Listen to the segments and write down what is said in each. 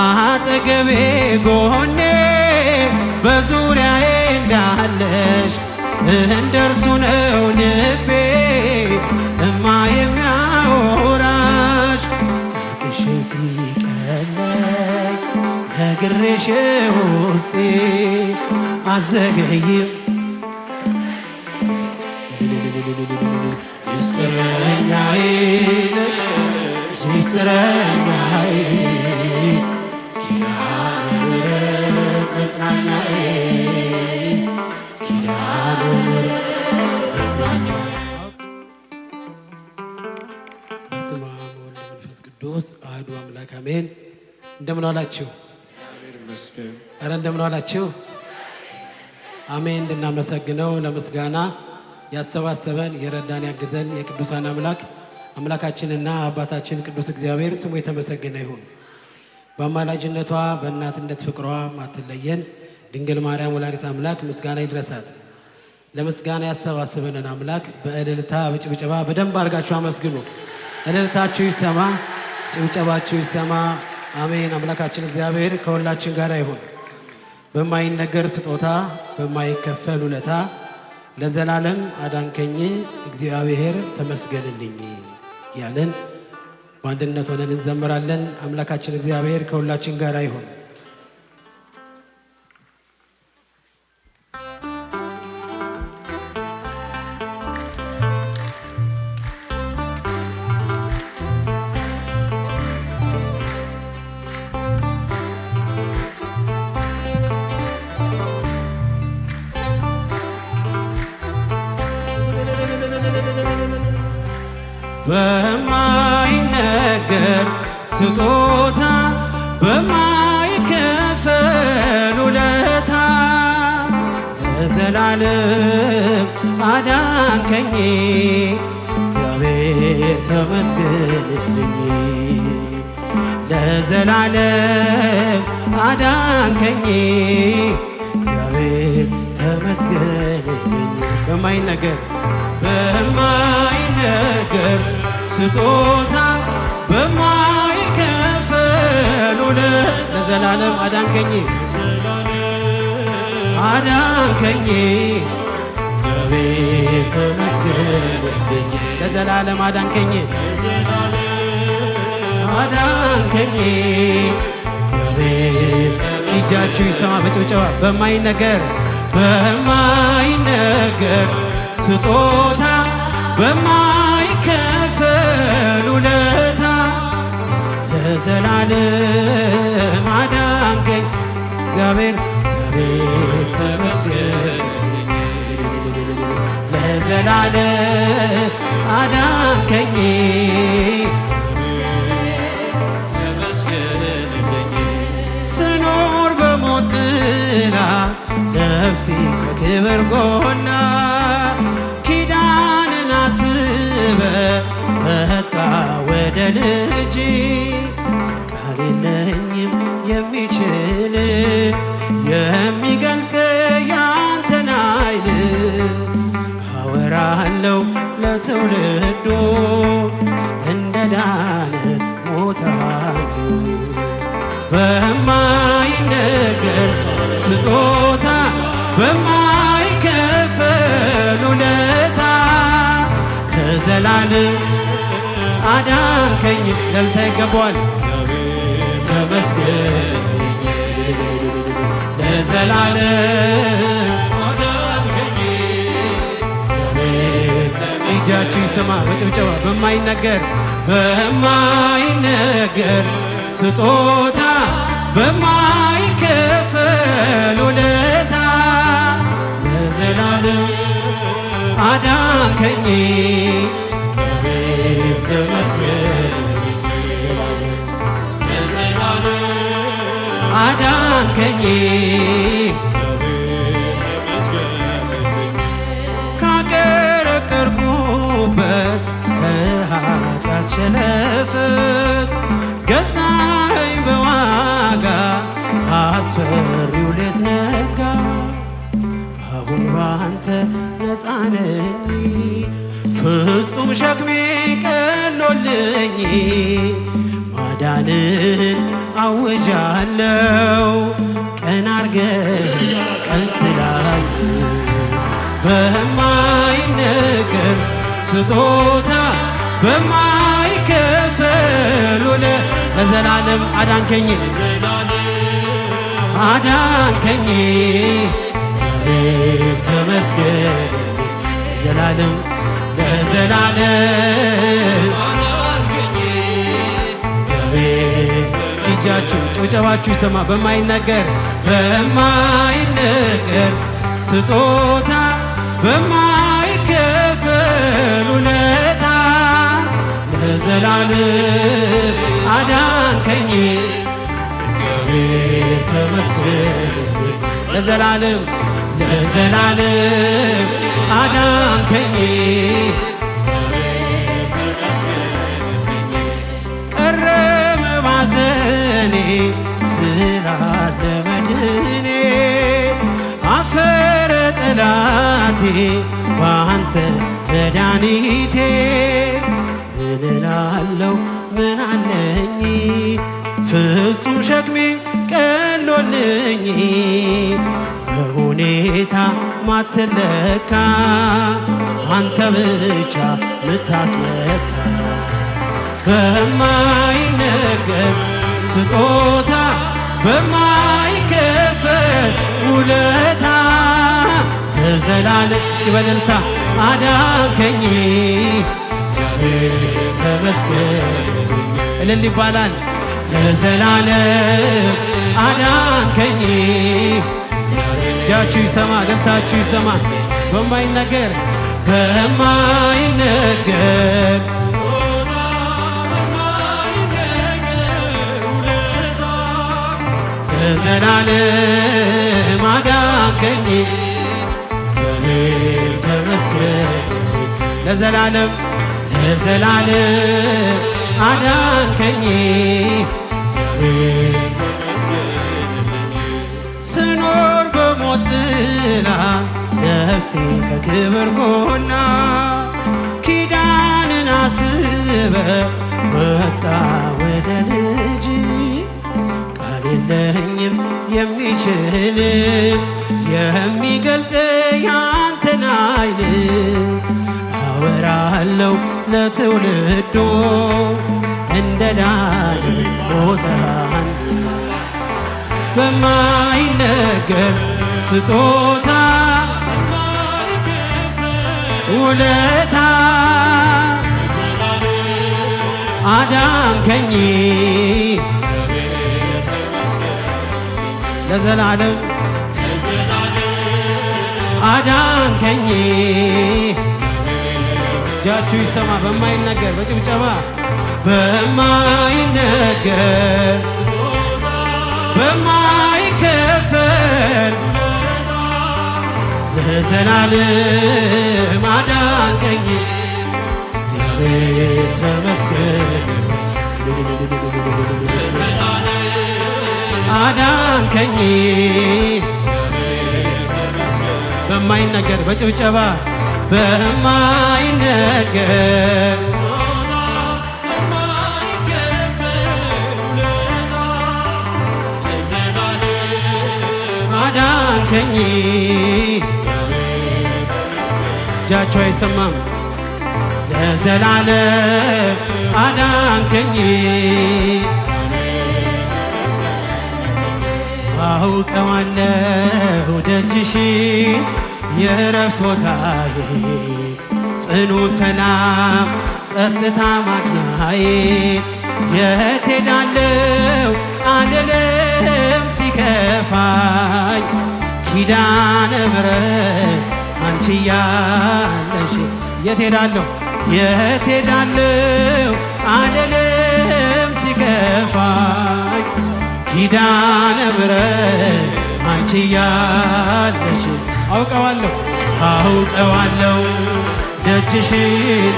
አጠገቤ ጎኔ በዙሪያዬ እንዳለሽ እንደርሱ ነው ልቤ እማ የሚያወራሽ አልቅሼ ሲቀለኝ ነግሬሽ ውስጤ አዘገይም ምስጢረኛዬ ምስጢረኛዬ በስመ አብ ወወልድ መንፈስ ቅዱስ አሐዱ አምላክ አሜን። እንደምን ዋላችሁ? ኧረ እንደምን ዋላችሁ? አሜን። እንድናመሰግነው ለምስጋና ያሰባሰበን የረዳን ያግዘን የቅዱሳን አምላክ አምላካችንና አባታችን ቅዱስ እግዚአብሔር ስሙ የተመሰገነ ይሁን። በአማላጅነቷ በእናትነት ፍቅሯ አትለየን። ድንግል ማርያም ወላዲት አምላክ ምስጋና ይድረሳት። ለምስጋና ያሰባስበንን አምላክ በእልልታ በጭብጨባ በደንብ አድርጋችሁ አመስግኑ። እልልታችሁ ይሰማ፣ ጭብጨባችሁ ይሰማ። አሜን። አምላካችን እግዚአብሔር ከሁላችን ጋር ይሁን። በማይነገር ስጦታ በማይከፈል ውለታ ለዘላለም አዳንከኝ እግዚአብሔር ተመስገንልኝ ያለን በአንድነት ሆነን እንዘምራለን። አምላካችን እግዚአብሔር ከሁላችን ጋር ይሁን። በማይነገር ስጦታ በማይከፈል ውለታ ለዘላለም አዳንከኝ እግዚአብሔር ተመስገንልኝ ለዘላለም አዳንከኝ እግዚአብሔር ተመስገንልኝ በማይነገር በማይ ነገር ስጦታ በማይከፈሉ ለዘላለም አዳንከኝ አዳንከኝ ዘቤ ተመስገኝ ለዘላለም አዳንከኝ አዳንከኝ ዘቤ እስኪሻችሁ ይሰማ በጭብጨባ በማይ ነገር ስጦታ በማይከፈል ውለታ ለዘላለም አዳንከኝ እግዚአብሔር እግዚአብሔር ተመስገን ለዘላለም አዳንከኝ ስኖር በሞት ጥላ ነፍሴ ከክብር ጎን አለው ለትውልዱ እንደ ዳነ ሞታሉ በማይነገር ስጦታ በማይከፈል ውለታ ከዘላለም አዳንከኝ ለልታ ይገባዋል ተመስገን ለዘላለም ጊዜያችሁ ይሰማ በጭብጨባ በማይነገር በማይነገር ስጦታ በማይከፈል ውለታ ለዘላለም አዳንከኝ አዳንከኝ ሸነፈት ገዛኝ በዋጋ አስፈሪው ሌት ነጋ አሁን ባንተ ነፃነኝ ፍጹም ሸክሜ ቀሎልኝ ማዳንን አውጃለው ቀን አርገ ቀን ስላል በማይነገር ስጦታ በማ ሆነ ለዘላለም አዳንከኝ አዳንከኝ ተመስገን ለዘላለም ለዘላለም ጊዜያችሁ ጭብጨባችሁ ይሰማ በማይነገር በማይነገር ስጦታ በማ ለዘላለም አዳንከኝ እግዚአብሔር ተመስገን ለዘላለም ለዘላለም አዳንከኝ ቀረበ ማዘኔ ስላለ መድኔ አፈረ ጠላቴ በአንተ መድኃኒቴ ምን እላለው ምን አለኝ ፍጹም ሸክሜ ቀሎልኝ በሁኔታ ማትለካ አንተ ብቻ ምታስመካ በማይነገር ስጦታ በማይከፈል ውለታ ለዘላለም እስኪ በደልታ አዳንከኝ ደስ እልል ይባላል። ለዘላለም አዳንከኝ። እጃችሁ ይሰማ፣ ደስታችሁ ይሰማ። በማይነገር በማይነገር ለዘላለም አዳንከኝ። ለዘላለም ለዘላለም አዳንከኝ ስኖር በሞት ጥላ ነፍሴ ከክብር ጎና ኪዳንን አስበ ወጣ ወደ ልጅ ቃል የለኝም የሚችል የሚገልጥ ያንተን አይል አወራለው ለትውልዱ እንደ ዳግም ቦታን በማይነገር ስጦታ ውለታ አዳንከኝ ለዘላለም አዳንከኝ እጃችሁ ይሰማ በማይነገር በጭብጨባ በማይነገር በማይከፈል ለዘላለም አዳንቀኝ እግዚአብሔር ተመስገን አዳንቀኝ በማይነገር በጭብጨባ በማይነገር አዳንከኝ እጃቸው አይሰማም ለዘላለም አዳንከኝ አውቀዋለሁ ደጅሽን የእረፍት ቦታዬ ጽኑ ሰላም ጸጥታ ማግኛዬ የቴዳለው ሄዳለሁ አልልም ሲከፋኝ ኪዳነ ምሕረት አንቺ ያለሽ የት ሄዳለሁ አልልም ሲከፋኝ ኪዳነ ምሕረት አንቺ ያለሽ አውቀዋለሁ አውቀዋለሁ ደጅሽን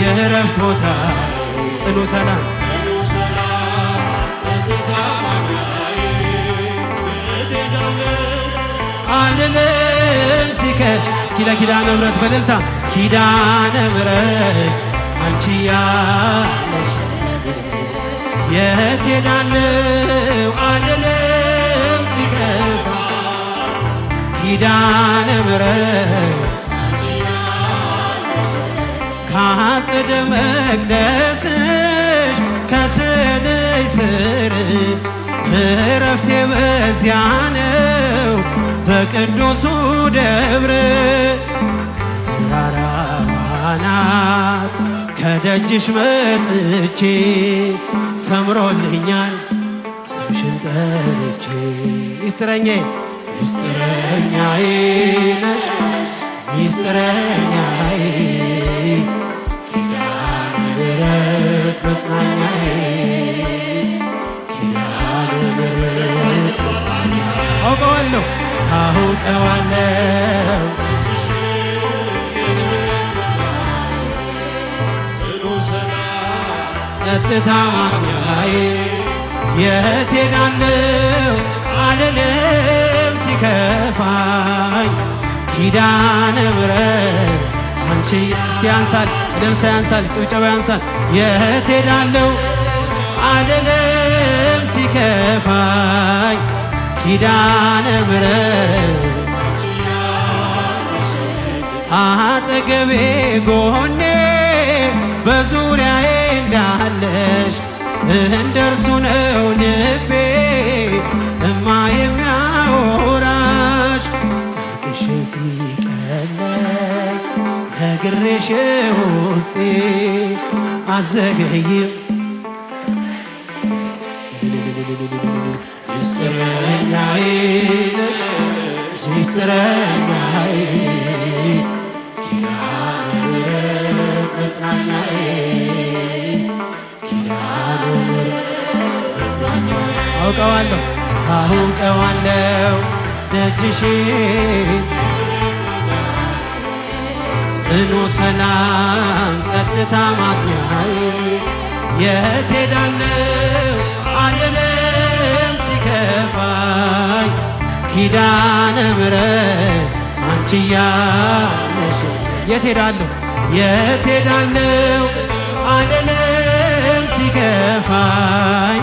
የእረፍት ቦታ ጽኑ ሰላም አልልም ሲቀር እስኪ ለኪዳነ ምሕረት በደልታ ኪዳነ ምሕረት አንቺ ያለሽ የት ሄዳለሁ አልልም ኪዳነ ምሕረት ከአጸደ መቅደስሽ ከስዕልሽ ስር እረፍቴ በዚያ ነው በቅዱሱ ደብር ተራራማናት ከደጅሽ መጥቼ ሰምሮልኛል ስምሽን ጠርቼ ሚስጥረኛዬ ሚስጥረኛዬ ነሽ ሚስጥረኛዬ ኪዳነ ምሕረት መጽናኛዬ ኪዳነ ምሕረት አውቀዋለሁ አውቀዋለሁ ጸጥታኛዬ የት ሄዳለሁ አልልም ከፋኝ ኪዳነ ምሕረት አንቺ እስኪ ያንሳል እልልታ ያንሳል ጭብጨባ ያንሳል የት ሄዳለው አልልም ሲከፋኝ ኪዳነ ምሕረት አጠገቤ ጎኔ በዙሪያዬ እንዳለሽ እንደርሱ ነው ልብ ውስጤ አዘገይም ምስጢረኛዬ ነሽ ምስጢረኛዬ ኪዳነምህረት አውቀዋለሁ አውቀዋለሁ ደጅሽ ጽኑ ሰላም ጸጥታ ማግኛዬ የት ሄዳለሁ አልልም ሲከፋኝ ኪዳነ ምሕረት አንቺ ያለሽ የት ሄዳለሁ የት ሄዳለሁ አልልም ሲከፋኝ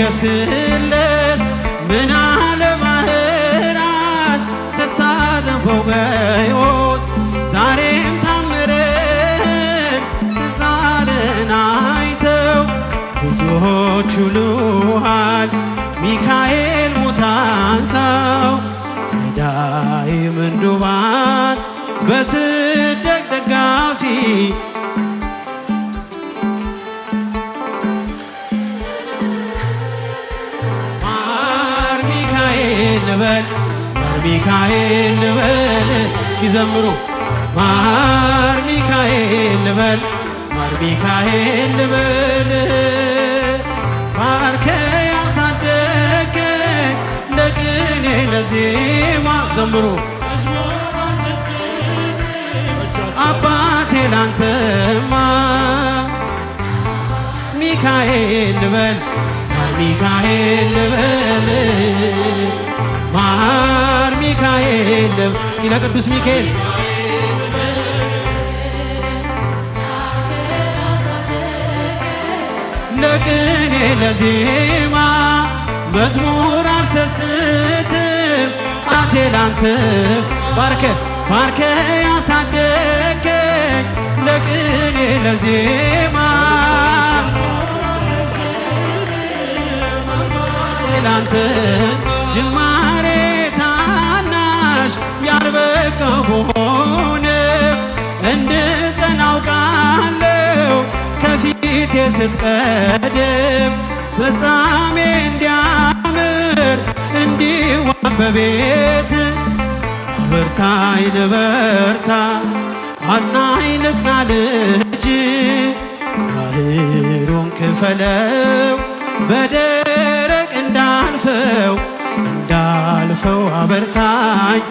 ያገዝክለት ምናለ ባህራት ስታለፈው በሕይወት ዛሬም ታምርን ስራርን አይተው ብዙዎች ውሉሃል ሚካኤል ልበል እስኪ ዘምሩ ማር ሚካኤል ልበል ማር ሚካኤል ልበል ባርከ ያሳደገ ለቅኔ ለዜማ ዘምሩ አባቴ ላንተማ ሚካኤል ልበል ማር ሚካኤል ልበል ማር ሚካኤል እስኪና ሚካኤል ለቅኔ ለዜማ መዝሙር አልሰስትም አቴ ላንተ ባርከ ባርከ ለቅኔ ለዜማ ላንተ ጅማሬ የበቃ በሆነ እንድጸናው ቃለው ከፊቴ ስትቀደም ፍጻሜ እንዲያምር እንዲዋብ በቤት በርታይ ልበርታ አጽናኝ ልጽና ልጅ ባህሩን ክፈለው በደረቅ እንዳልፈው እንዳልፈው አበርታኝ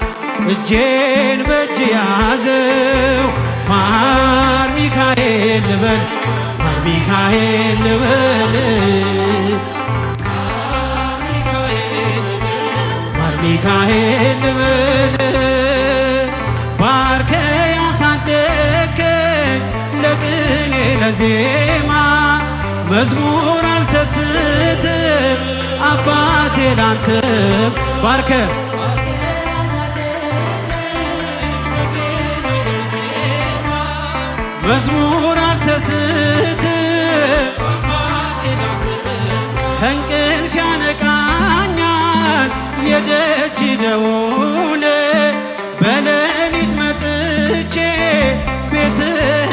እጄን በእጅ ያዘው ማር ሚካኤል ልበል ማር ሚካኤል ልበል ማር ሚካኤል ልበል ባርከ ያሳደከኝ ለቅኔ ለዜማ መዝሙር አልሰስትም አባቴ ላንተ ባርከ መዝሙር አልሰስትም ከእንቅልፍ ያነቃኛል የደጅ ደውል በሌሊት መጥቼ ቤት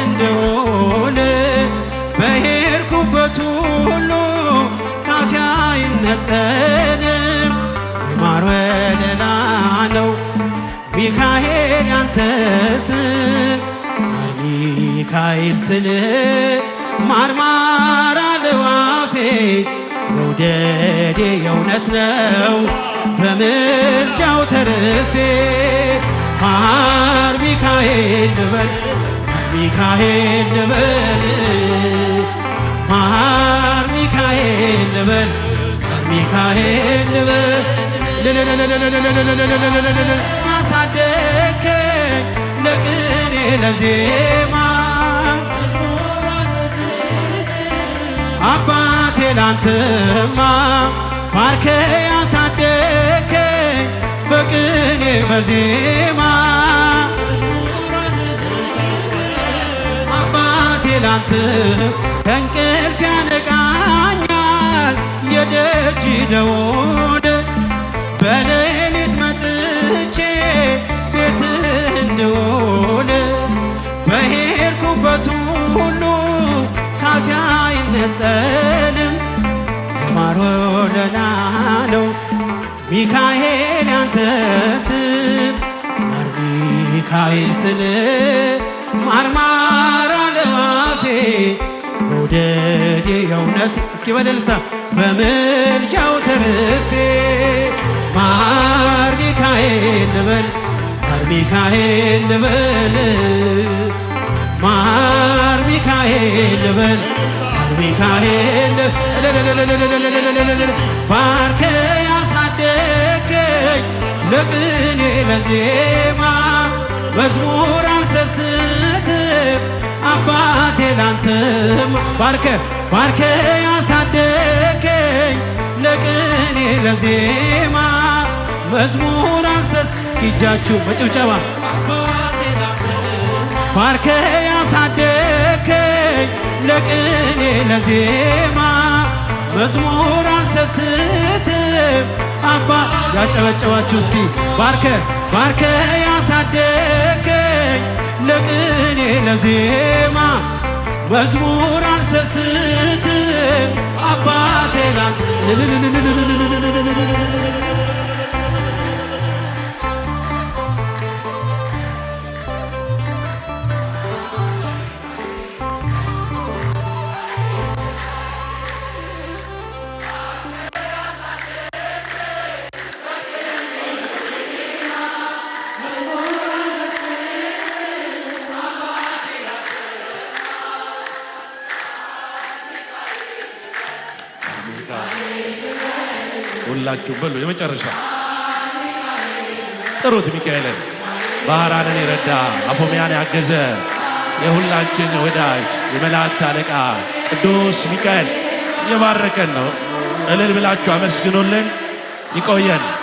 እንደውል በሄድኩበት ሁሉ ካፌ አይነጠልም የማር ወለላ ነው ሚካኤል ያንተ ስም ሚካኤል ስል ማርማራ ለዋፌ መውደዴ የእውነት ነው በምርጫው ተርፌ ማር ሚካኤል ልበል ሚካኤል ልበል ማር ሚካኤል ልበል ሚካኤል ልበል ለዜማ አባቴ ላንተማ ባርከ ያሳደከኝ በቅኔ በዜማ አባቴ ላንተ ከእንቅልፍ ያነቃኛል የደጅ ደውል በለ ያድኑን በሄድኩበት ሁሉ ካፊ አይነጠልም። የማር ሚካኤል ያንተ ስም ማር ሚካኤል ስል ማርማር አለማፌ መውደድ እስኪ በደልታ በምልጃው ተርፌ ማር ሚካኤል ልበል ሚካኤል ልበል ማር ሚካኤል ልበል ሚካኤል ባርከ ያሳደገች ለቅኔ ለዜማ መዝሙር አልሰስትም አባቴ ላንተም ባርከ ባርከ ያሳደገኝ ለቅኔ ለዜማ መዝሙር እስኪ እጃችሁ በጭብጨባ ባርከ ያሳደከኝ ለቅኔ ለዜማ መዝሙር አልሰስትም አባ ያጨበጨባችሁ እስኪ ባርከ ባርከ ያሳደከኝ ለቅኔ ለዜማ መዝሙር አልሰስትም አባቴ ላት ሁላችሁ በሉ። የመጨረሻ ጥሩት። ሚካኤልን ባህራንን የረዳ አፎሚያን ያገዘ የሁላችን ወዳጅ የመላእክት አለቃ ቅዱስ ሚካኤል እየባረከን ነው። እልል ብላችሁ አመስግኖልን ይቆየን።